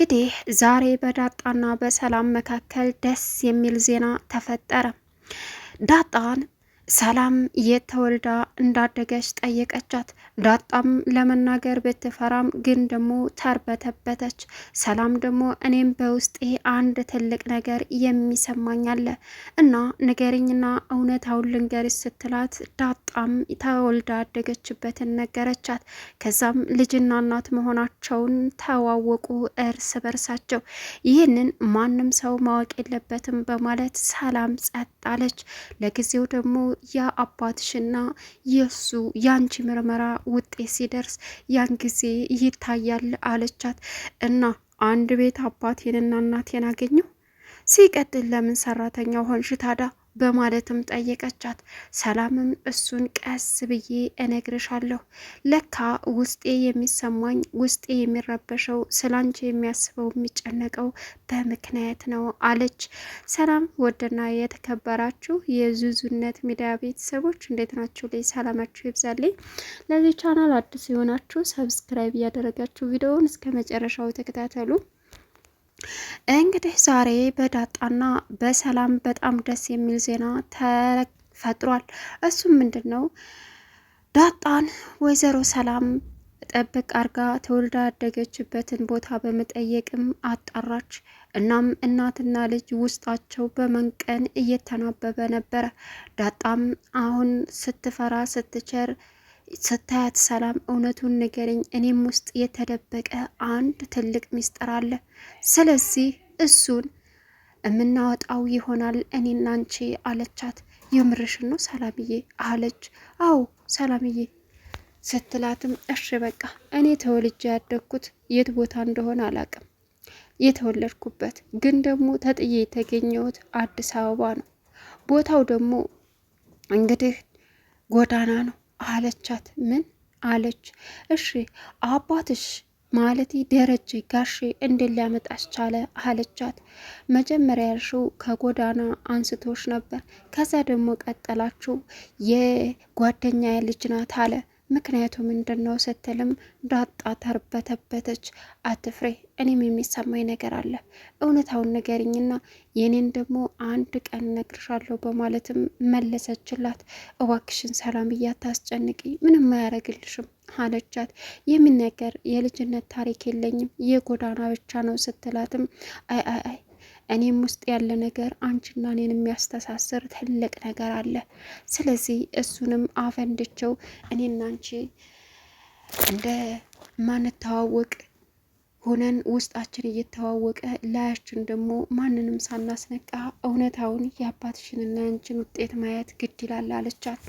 እንግዲህ ዛሬ በዳጣና በሰላም መካከል ደስ የሚል ዜና ተፈጠረ። ዳጣን ሰላም የት ተወልዳ እንዳደገች ጠየቀቻት። ዳጣም ለመናገር ብትፈራም ግን ደግሞ ተርበተበተች። ሰላም ደግሞ እኔም በውስጤ አንድ ትልቅ ነገር የሚሰማኝ አለ እና ንገሪኝና እውነታውን ልንገርሽ ስትላት ዳጣም ተወልዳ ያደገችበትን ነገረቻት። ከዛም ልጅና እናት መሆናቸውን ተዋወቁ እርስ በርሳቸው። ይህንን ማንም ሰው ማወቅ የለበትም በማለት ሰላም ጸጥ አለች። ለጊዜው ደግሞ የአባትሽና የእሱ ያንቺ ምርመራ ውጤት ሲደርስ ያን ጊዜ ይታያል አለቻት። እና አንድ ቤት አባቴንና እናቴን አገኘው ሲቀጥል ለምን ሰራተኛ ሆንሽ ታዳ በማለትም ጠየቀቻት። ሰላምም እሱን ቀስ ብዬ እነግርሻለሁ፣ ለካ ውስጤ የሚሰማኝ ውስጤ የሚረበሸው ስላንቺ የሚያስበው የሚጨነቀው በምክንያት ነው አለች። ሰላም ወደና የተከበራችሁ የዙዙነት ሚዲያ ቤተሰቦች እንዴት ናችሁ? ላይ ሰላማችሁ ይብዛልኝ። ለዚህ ቻናል አዲስ የሆናችሁ ሰብስክራይብ እያደረጋችሁ ቪዲዮውን እስከ መጨረሻው ተከታተሉ። እንግዲህ ዛሬ በዳጣና በሰላም በጣም ደስ የሚል ዜና ተፈጥሯል። እሱም ምንድን ነው? ዳጣን ወይዘሮ ሰላም ጠብቅ አርጋ ተወልዳ ያደገችበትን ቦታ በመጠየቅም አጣራች። እናም እናትና ልጅ ውስጣቸው በመንቀን እየተናበበ ነበረ። ዳጣም አሁን ስትፈራ ስትቸር ስታያት ሰላም እውነቱን ነገርኝ እኔም ውስጥ የተደበቀ አንድ ትልቅ ሚስጥር አለ። ስለዚህ እሱን የምናወጣው ይሆናል እኔና አንቺ አለቻት። የምርሽን ነው ሰላምዬ አለች። አዎ ሰላምዬ ስትላትም እሺ በቃ እኔ ተወልጄ ያደግኩት የት ቦታ እንደሆነ አላቅም የተወለድኩበት ግን ደግሞ ተጥዬ የተገኘሁት አዲስ አበባ ነው። ቦታው ደግሞ እንግዲህ ጎዳና ነው። አለቻት። ምን አለች? እሺ አባትሽ ማለት ደረጀ ጋሼ እንዴት ሊያመጣሽ ቻለ? አለቻት። መጀመሪያ ያልሽው ከጎዳና አንስቶሽ ነበር፣ ከዛ ደግሞ ቀጠላችሁ የጓደኛ ልጅ ናት አለ ምክንያቱ ምንድን ነው ስትልም ዳጣ ተርበተበተች። አትፍሬ፣ እኔም የሚሰማኝ ነገር አለ፣ እውነታውን ንገሪኝና የኔን ደግሞ አንድ ቀን እነግርሻለሁ በማለትም መለሰችላት። እባክሽን ሰላም እያታስጨንቂ፣ ምንም አያረግልሽም አለቻት። የሚነገር የልጅነት ታሪክ የለኝም የጎዳና ብቻ ነው ስትላትም አይ አይ እኔም ውስጥ ያለ ነገር አንቺና እኔን የሚያስተሳስር ትልቅ ነገር አለ። ስለዚህ እሱንም አፈንድቸው እኔና አንቺ እንደ ማንተዋወቅ ሆነን ውስጣችን እየተዋወቀ ላያችን ደግሞ ማንንም ሳናስነቃ እውነታውን የአባትሽንና ያንችን ውጤት ማየት ግድ ይላል አለቻት።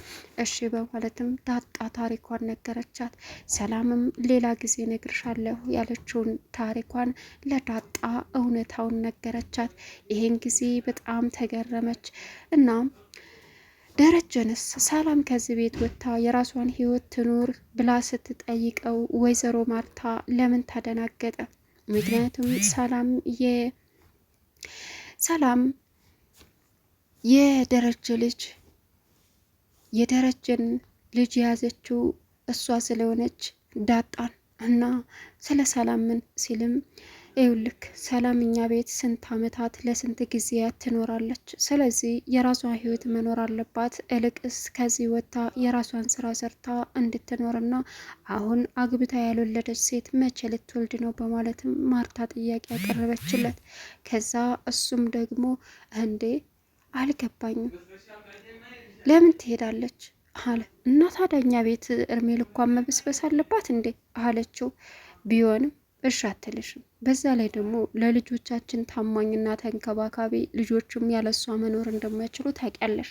እሺ በማለትም ዳጣ ታሪኳን ነገረቻት። ሰላምም ሌላ ጊዜ ነግርሻለሁ ያለችውን ታሪኳን ለዳጣ እውነታውን ነገረቻት። ይሄን ጊዜ በጣም ተገረመች እና ደረጀንስ ሰላም ከዚህ ቤት ወጥታ የራሷን ህይወት ትኑር ብላ ስትጠይቀው ወይዘሮ ማርታ ለምን ታደናገጠ? ምክንያቱም ሰላም የ ሰላም የደረጀ ልጅ የደረጀን ልጅ የያዘችው እሷ ስለሆነች ዳጣን እና ስለ ሰላም ምን ሲልም ይኸውልህ ሰላም እኛ ቤት ስንት ዓመታት ለስንት ጊዜያት ትኖራለች። ስለዚህ የራሷ ህይወት መኖር አለባት። እልቅስ ከዚህ ወጥታ የራሷን ስራ ሰርታ እንድትኖርና አሁን አግብታ ያልወለደች ሴት መቼ ልትወልድ ነው በማለትም ማርታ ጥያቄ ያቀረበችለት። ከዛ እሱም ደግሞ እንዴ አልገባኝም፣ ለምን ትሄዳለች አለ እና ታዲያ እኛ ቤት እርሜ ልኳን መበስበስ አለባት እንዴ አለችው ቢሆንም እሺ አትልሽም። በዛ ላይ ደግሞ ለልጆቻችን ታማኝና ተንከባካቢ፣ ልጆችም ያለሷ መኖር እንደማይችሉ ታውቂያለሽ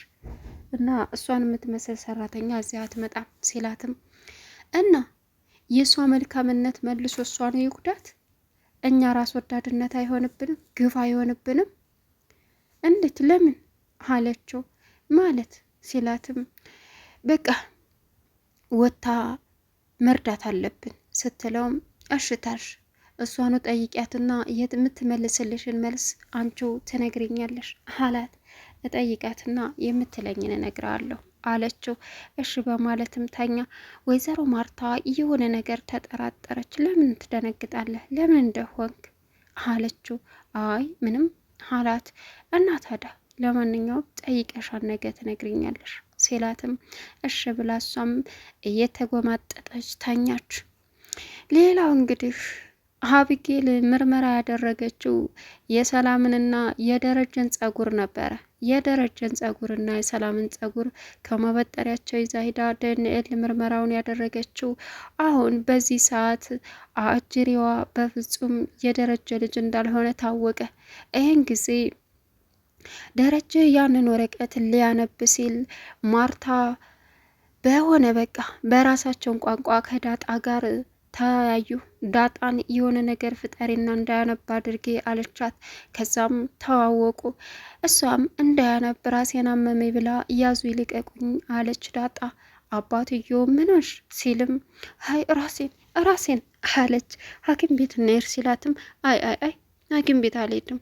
እና እሷን የምትመስል ሰራተኛ እዚያ አትመጣም ሲላትም እና የእሷ መልካምነት መልሶ እሷን ይጉዳት እኛ ራስ ወዳድነት አይሆንብንም፣ ግፍ አይሆንብንም። እንዴት ለምን አለችው ማለት ሲላትም በቃ ወታ መርዳት አለብን ስትለውም እሽታሽ እሷኑ ጠይቂያትና የት የምትመልስልሽን መልስ አንቺው ትነግርኛለሽ አላት። እጠይቃትና የምትለኝን እነግርሃለሁ አለችው። እሺ በማለትም ተኛ። ወይዘሮ ማርታ የሆነ ነገር ተጠራጠረች። ለምን ትደነግጣለህ? ለምን እንደሆንክ አለችው። አይ ምንም አላት። እና ታዲያ ለማንኛውም ጠይቀሻን ነገ ትነግርኛለሽ ሲላትም እሺ ብላ እሷም እየተጎማጠጠች ተኛች። ሌላው እንግዲህ አብጌል ምርመራ ያደረገችው የሰላምንና የደረጀን ጸጉር ነበረ። የደረጀን ጸጉርና የሰላምን ጸጉር ከማበጠሪያቸው ይዛ ሂዳ ምርመራውን ያደረገችው አሁን በዚህ ሰዓት አጅሬዋ በፍጹም የደረጀ ልጅ እንዳልሆነ ታወቀ። ይህን ጊዜ ደረጀ ያንን ወረቀት ሊያነብ ሲል ማርታ በሆነ በቃ በራሳቸውን ቋንቋ ከዳጣ ጋር ተያዩ። ዳጣን የሆነ ነገር ፍጠሪና እንዳያነብ አድርጌ አለቻት። ከዛም ተዋወቁ። እሷም እንዳያነብ ራሴን አመመኝ ብላ ያዙ ይልቀቁኝ አለች ዳጣ። አባትዮ ምናሽ ሲልም አይ ራሴን ራሴን አለች። ሐኪም ቤት ነር ሲላትም አይ አይ አይ ሐኪም ቤት አልሄድም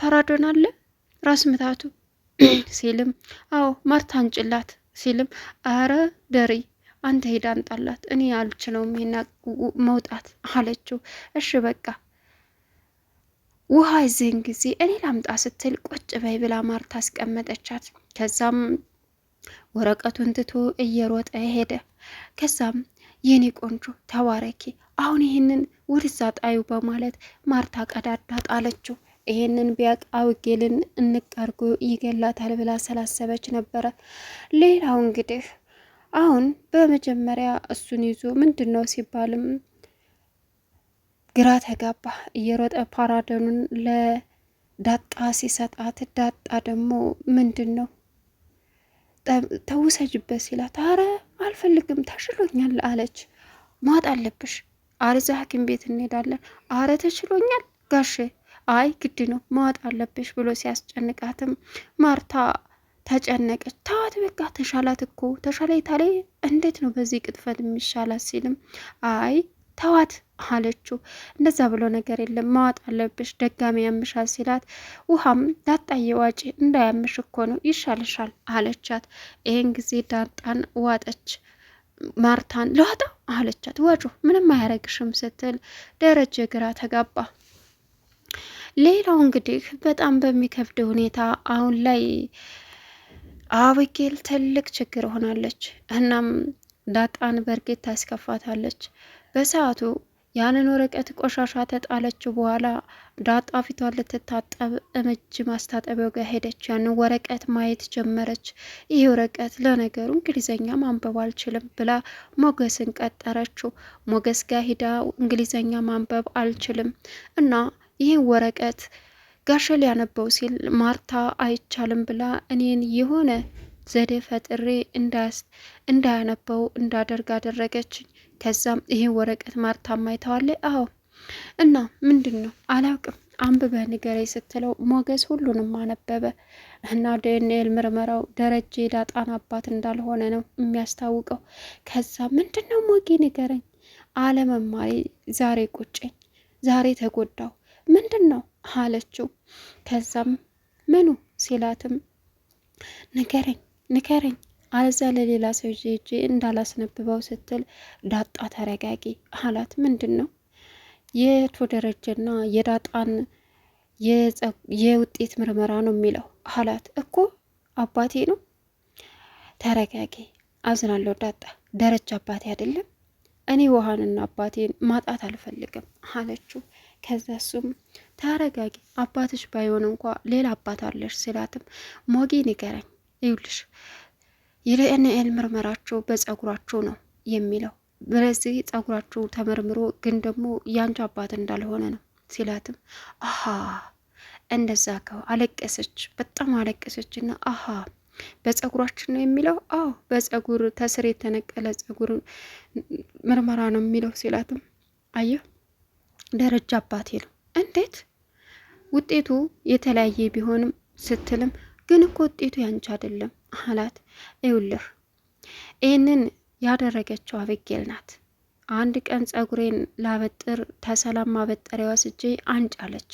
ፓራዶን አለ ራስ ምታቱ ሲልም አዎ ማርታን ጭላት ሲልም አረ ደሪ አንተ ሄዳ አንጣላት፣ እኔ አልችለውም ይሄን መውጣት አለችው። እሺ በቃ ውሃ ይዘን ጊዜ እኔ ላምጣ ስትል ቁጭ በይ ብላ ማርታ አስቀመጠቻት። ከዛም ወረቀቱን ትቶ እየሮጠ ሄደ። ከዛም የኔ ቆንጆ ተባረኪ፣ አሁን ይህንን ወደዛ ጣዩ በማለት ማርታ ቀዳዳ ጣለችው። ይሄንን ቢያቅ አውጌልን እንቃርጎ ይገላታል ብላ ስላሰበች ነበረ። ሌላው እንግዲህ አሁን በመጀመሪያ እሱን ይዞ ምንድን ነው ሲባልም ግራ ተጋባ። እየሮጠ ፓራደኑን ለዳጣ ሲሰጣት ዳጣ ደግሞ ምንድን ነው ተውሰጅበት ሲላት አረ አልፈልግም ተሽሎኛል አለች። ማጥ አለብሽ አርዛ ሐኪም ቤት እንሄዳለን። አረ ተችሎኛል ጋሼ፣ አይ ግድ ነው ማወጥ አለብሽ ብሎ ሲያስጨንቃትም ማርታ ተጨነቀች። ተዋት በቃ ተሻላት እኮ ተሻለ ታሌ እንዴት ነው በዚህ ቅጥፈት የሚሻላት ሲልም አይ ተዋት አለችው። እንደዛ ብሎ ነገር የለም ማዋጥ አለብሽ ደጋሚ ያምሻል ሲላት ውሃም ዳጣዬ ዋጪ እንዳያምሽ እኮ ነው ይሻልሻል አለቻት። ይህን ጊዜ ዳጣን ዋጠች። ማርታን ለዋጣ አለቻት። ዋጩ ምንም አያረግሽም ስትል ደረጀ ግራ ተጋባ። ሌላው እንግዲህ በጣም በሚከብድ ሁኔታ አሁን ላይ አብጌል ትልቅ ችግር ሆናለች። እናም ዳጣን በእርግጥ ታስከፋታለች። በሰዓቱ ያንን ወረቀት ቆሻሻ ተጣለችው በኋላ ዳጣ ፊቷን ልትታጠብ እምጅ ማስታጠቢያው ጋር ሄደች። ያንን ወረቀት ማየት ጀመረች። ይህ ወረቀት ለነገሩ እንግሊዘኛ ማንበብ አልችልም ብላ ሞገስን ቀጠረችው። ሞገስ ጋር ሂዳ እንግሊዘኛ ማንበብ አልችልም እና ይህን ወረቀት ጋሸ ሊያነበው ሲል ማርታ አይቻልም ብላ እኔን የሆነ ዘዴ ፈጥሬ እንዳያነበው እንዳደርግ አደረገችኝ። ከዛም ይሄ ወረቀት ማርታ ማይተዋለ አዎ እና ምንድን ነው አላውቅም፣ አንብበህ ንገረኝ ስትለው ሞገስ ሁሉንም አነበበ እና ዲኤንኤ ምርመራው ደረጀ ዳጣን አባት እንዳልሆነ ነው የሚያስታውቀው። ከዛ ምንድን ነው ሞጌ ንገረኝ፣ አለመማሪ ዛሬ ቁጭኝ፣ ዛሬ ተጎዳው፣ ምንድን ነው አለችው። ከዛም ምኑ ሲላትም ንገረኝ ንገረኝ አለዛ ለሌላ ሰው ሄጄ እንዳላስነብበው ስትል ዳጣ ተረጋጊ አላት። ምንድን ነው የቶ ደረጀና የዳጣን የውጤት ምርመራ ነው የሚለው አላት። እኮ አባቴ ነው። ተረጋጊ። አዝናለሁ ዳጣ፣ ደረጃ አባቴ አይደለም። እኔ ውሃንና አባቴን ማጣት አልፈልግም አለችው። ከዛ እሱም ተረጋጊ፣ አባትሽ ባይሆን እንኳ ሌላ አባት አለሽ ስላትም ሞጊ ንገረኝ፣ ይውልሽ የዲኤንኤ ምርመራቸው በጸጉራቸው ነው የሚለው በዚህ ጸጉራቸው ተመርምሮ ግን ደግሞ ያንቺ አባት እንዳልሆነ ነው ሲላትም አሀ እንደዛ ከው አለቀሰች። በጣም አለቀሰች እና አሀ በጸጉራችን ነው የሚለው አዎ በጸጉር ተስር የተነቀለ ጸጉር ምርመራ ነው የሚለው ሲላትም አየሁ ደረጃ አባቴ ነው። እንዴት ውጤቱ የተለያየ ቢሆንም ስትልም ግን እኮ ውጤቱ ያንቺ አይደለም አላት። ይውልህ ይህንን ያደረገችው አበጌል ናት። አንድ ቀን ጸጉሬን ላበጥር ተሰላም ማበጠሪያ ወስጄ አንጭ አለች።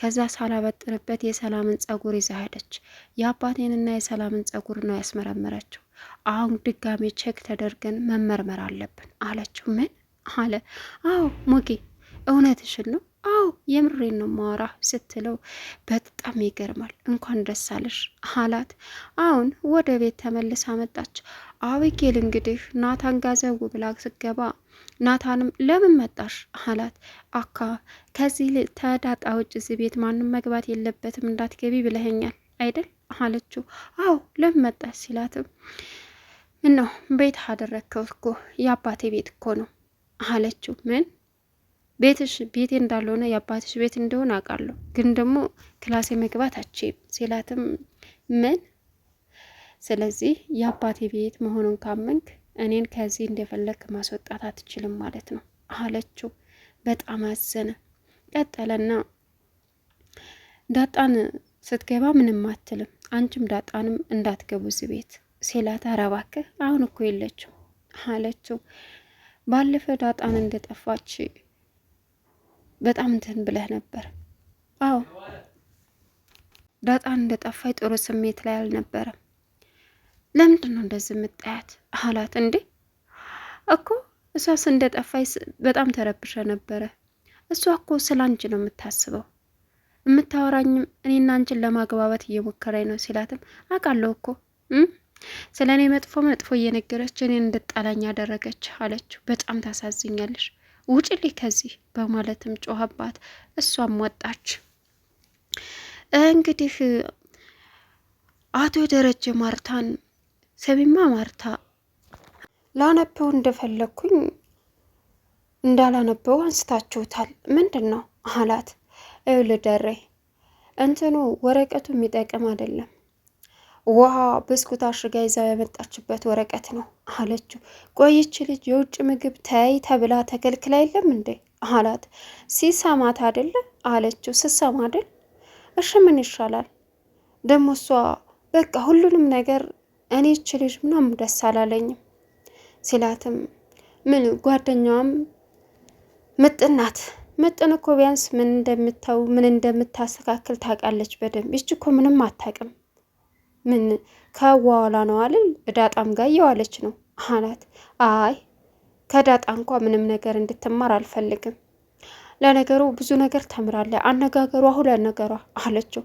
ከዛ ሳላበጥርበት የሰላምን ጸጉር ይዛ ሄደች። የአባቴንና የሰላምን ጸጉር ነው ያስመረመረችው። አሁን ድጋሜ ቼክ ተደርገን መመርመር አለብን አለችው። ምን አለ? አዎ ሞጌ እውነትሽን ነው? አዎ የምሬን ነው ማወራ ስትለው በጣም ይገርማል። እንኳን ደስ አለሽ አላት። አሁን ወደ ቤት ተመልሳ መጣች። አቢጌል እንግዲህ ናታን ጋዘው ብላ ስገባ ናታንም ለምን መጣሽ አላት። አካ ከዚህ ተዳጣ ውጭ እዚህ ቤት ማንም መግባት የለበትም እንዳትገቢ ብለኸኛል አይደል አለችው። አዎ ለምን መጣሽ ሲላትም ምነው ቤት አደረግከው እኮ የአባቴ ቤት እኮ ነው አለችው። ምን ቤትሽ ቤቴ እንዳልሆነ የአባትሽ ቤት እንደሆነ አውቃለሁ፣ ግን ደግሞ ክላሴ መግባት አችም ሲላትም ምን ስለዚህ የአባቴ ቤት መሆኑን ካመንክ እኔን ከዚህ እንደፈለግ ማስወጣት አትችልም ማለት ነው አለችው። በጣም አዘነ። ቀጠለና ዳጣን ስትገባ ምንም አትልም፣ አንቺም ዳጣንም እንዳትገቡ እዚህ ቤት ሲላት፣ ኧረ እባክህ አሁን እኮ የለችው አለችው። ባለፈ ዳጣን እንደጠፋች በጣም እንትን ብለህ ነበር። አዎ ዳጣን ጠፋኝ ጥሩ ስሜት ላይ አልነበረም። ለምንድን ነው እንደዚህ የምጣያት አላት። እንዴ እኮ እሷስ ጠፋይ በጣም ተረብሸ ነበረ። እሷ እኮ ስለ አንቺ ነው የምታስበው የምታወራኝም እኔና አንቺን ለማግባባት እየሞከራኝ ነው ሲላትም አውቃለሁ እኮ ስለ እኔ መጥፎ መጥፎ እየነገረች እኔን እንድጣላኝ ያደረገች አለችው። በጣም ታሳዝኛለሽ ውጭልኝ ከዚህ በማለትም ጮኸባት። እሷም ወጣች። እንግዲህ አቶ ደረጀ ማርታን ሰሚማ ማርታ ላነበው እንደፈለግኩኝ እንዳላነበው አንስታችሁታል ምንድን ነው አላት። እው ልደሬ እንትኑ ወረቀቱ የሚጠቅም አይደለም ውሃ ብስኩት አሽጋ ይዛ የመጣችበት ወረቀት ነው አለችው። ቆይች ልጅ የውጭ ምግብ ተይ ተብላ ተከልክላ የለም እንዴ አላት። ሲሰማት አደለ አለችው። ስሰማ አደል እሺ ምን ይሻላል ደግሞ እሷ በቃ ሁሉንም ነገር እኔ ልጅ ምናምን ደስ አላለኝም ሲላትም ምን ጓደኛዋም ምጥናት ምጥን እኮ ቢያንስ ምን እንደምታው ምን እንደምታስተካክል ታውቃለች በደንብ ይች እኮ ምንም አታውቅም ምን ከዋላ ነው አይደል? ዳጣም ጋር እየዋለች ነው አላት። አይ ከዳጣ እንኳ ምንም ነገር እንድትማር አልፈልግም። ለነገሩ ብዙ ነገር ተምራለች፣ አነጋገሯ ሁለ ነገሯ አለችው።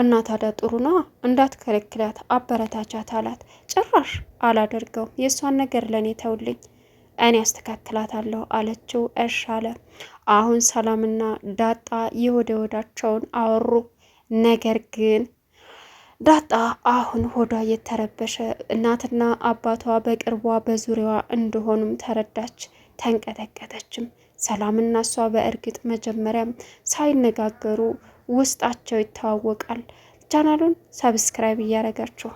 እና ታዲያ ጥሩ ነዋ፣ እንዳትከለክላት አበረታቻት አላት። ጭራሽ አላደርገውም፣ የእሷን ነገር ለእኔ ተውልኝ፣ እኔ አስተካክላታለሁ አለችው። እሺ አለ። አሁን ሰላምና ዳጣ የወደ ወዳቸውን አወሩ። ነገር ግን ዳጣ አሁን ሆዷ የተረበሸ እናትና አባቷ በቅርቧ በዙሪያዋ እንደሆኑም ተረዳች፣ ተንቀጠቀጠችም። ሰላምና እሷ በእርግጥ መጀመሪያም ሳይነጋገሩ ውስጣቸው ይተዋወቃል። ቻናሉን ሰብስክራይብ እያደረጋችሁ